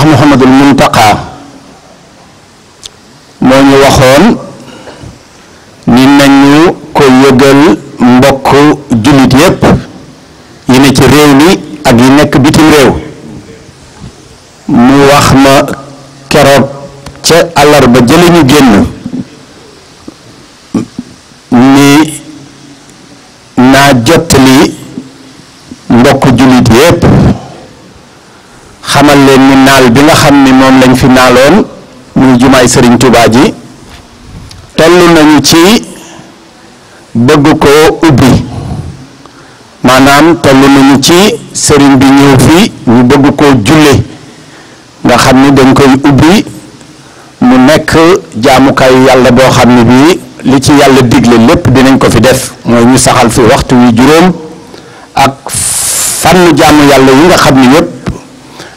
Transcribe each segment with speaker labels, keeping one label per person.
Speaker 1: Cheikh Mouhamadul Muntaqa moo ñu waxoon ni nañu ko yëgal mbokk jullit yépp yi ci réew mi ak yi nekk bitim réew mu wax ma keroog ca àllarba jële ñu génn ni naa jottali mbokk jullit yépp xamal leen naal bi nga xam ni moom lañ fi naaloon muy jumaay sëriñ Touba ji toll nañu ci bëgg ko ubbi maanaam toll nañu ci sëriñ bi ñëw fi ñu bëgg ko julle nga xam ni dañ koy ubbi mu nekk jaamukaayu yàlla boo xam ne bii li ci yàlla digle lépp dinañ ko fi def mooy ñu saxal fi waxtu wi juróom ak fànn jaamu yàlla yi nga xam ni yépp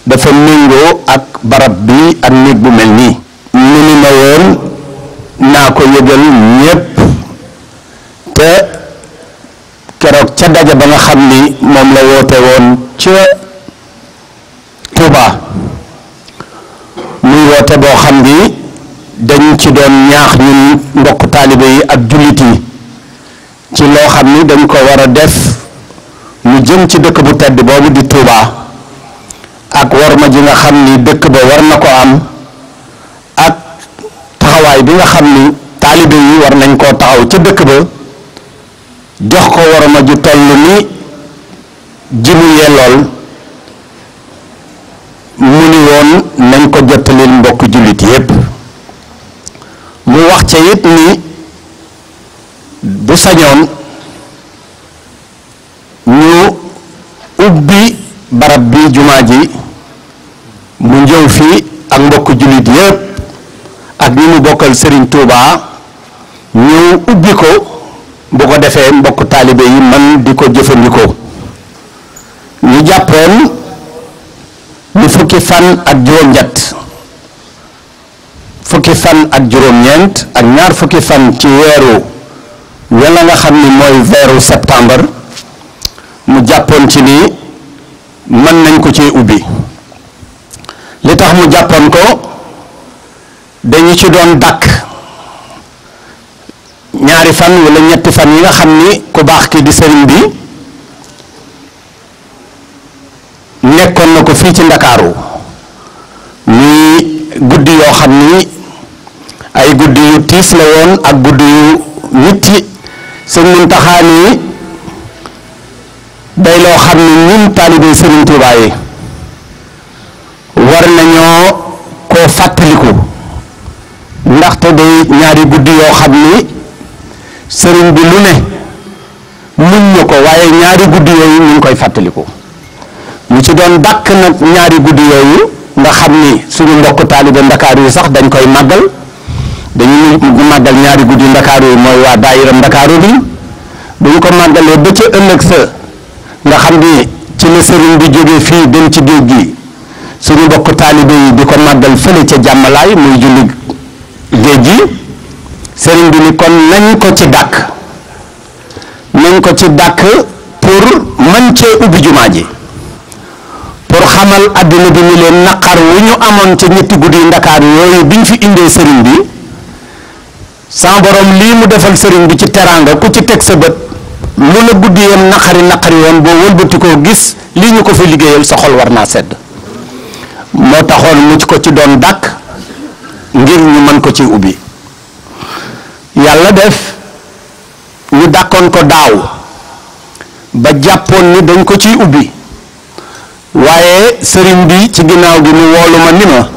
Speaker 1: dafa méngoo ak barab bi ak néeg bu mel nii ni ni ma woon naa ko yëgal ñépp te keroog ca daja ba nga xam ni moom la woote woon ca Touba muy woote boo xam ni dañu ci doon ñaax ñun mbokk taalibe yi ak jullit yi ci loo xam ni dañ ko war a def mu jëm ci dëkk bu tedd boobu di Touba ak warma ji nga xamni dekk ba war na ko am ak taxaway bi nga xamni ni yi war nañ ko taxaw ci dekk ba jox ko warma ji tollu ni jimu mu yellool mu ni woon nañ ko jottalil mbokk julit yépp mu wax ci yit ni bu sañon ñu ubbi barab bi jumaaji ji mu ñëw fii ak mbokk jullit yépp ak ñi mu bokkal sëriñ Touba ñu ubbi ko bu ko defee mbokk taalibe yi man di ko jëfandikoo ñu jàppoon ñu fukki fan ak juróom-ñett fukki fan ak ñeent ak ñaar fukki fan ci weeru wala nga xam ni mooy weeru septembre mu jàppoon ci nii mën nañ ko ci ubbi dañu ci doon dàkk ñaari fan wala ñetti fan yi nga xam ni ku baax ki di sëriñ bi nekkoon na ko fii ci ndakaaru muy guddi yoo xam ni ay guddi yu tiis la woon ak guddi yu mitti sëñ Muntaxa day loo xam ni ñun taalibe sëriñ Tuubaa yi war nañoo koo fàttaliku ko day ñaari guddi yo xamni serigne bi lu ne mun ñu waye ñaari guddi yooyu ñu ngi koy fàttaliku mu ci doon bak nag ñaari guddi yooyu nga xamni suñu mbokk talibé dakar yi sax dañ koy magal màggal dañuy magal ñaari guddi dakar yi moy wa daayira dakar bi buñ ko magalé ba ci ëlëk sa nga xamni ci la serigne bi joggé fi dem ci géej gi suñu mbokk talibé yi diko magal fele ci ca muy julig sering sëriñ bi ni kon nañ ko ci dak nañ ko ci dak pour man ci ubi jumaa ji pour xamal aduna bi ni leen nakar wu ñu amon ci ñetti gudi yoy biñ fi indé sering bi sans borom li mu defal sëriñ bi ci teranga ku ci tek sa bet mu la gudi yam nakari bo ko gis li ñu ko fi liggéeyal sa xol warna sedd mo taxoon mu ci ko ci doon dak ngir ñu man ko ci ubi yàlla def ñu dàkkoon ko daaw ba jàppoon ni dañ ko ciy ubbi waaye sëriñ bi ci ginnaaw gi mu woolu ma ni ma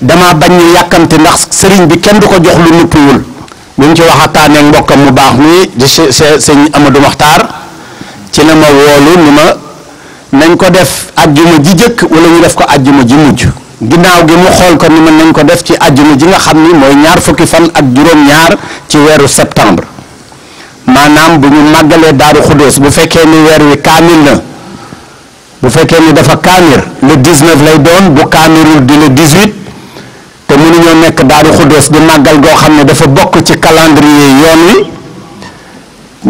Speaker 1: dama bañ ñu ndax sëriñ bi kenn du ko jox lu nuppiwul bi mu ci waxataaneeg mbokkam mu baax mi di sëñ Amadou Maxtaar ci la ma woolu ni ma nañ ko def ajjuma ji jëkk wala ñu def ko ajjuma ji mujj ginnaaw gi mu xool ko ni mën nañ ko def ci àjjuma ji nga xam ni mooy ñaar fukki fan ak juróom-ñaar ci weeru septembre maanaam bu ñu màggalee daaru xudóos bu fekkee ni weer wi kaamil na bu fekkee ni dafa kaamir le 19 lay doon bu kaamirul di le 18 te mënuñoo nekk daaru xudóos di màggal goo xam ne dafa bokk ci calendrier yoon wi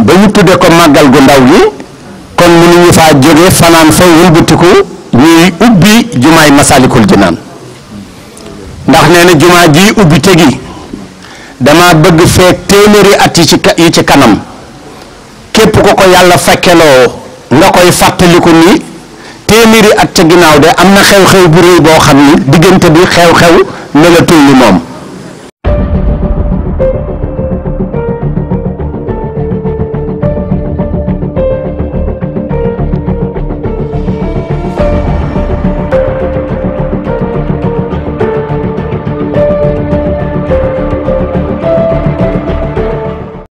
Speaker 1: ba ñu tuddee ko màggal gu ndaw gi kon mënuñu faa jóge fanaan fa wëlbatiku ñuy ubbi jumaay masalikul jinaan ndax nee na jumaa ji ubbi tegi dama bëgg feek téeméeri at yi ci kanam képp ko ko yàlla fakkeloo nga koy fàttaliku ni téeméeri at ca ginnaaw de am na xew-xew bu réy boo xam ni diggante bi xew-xew melatul ni moom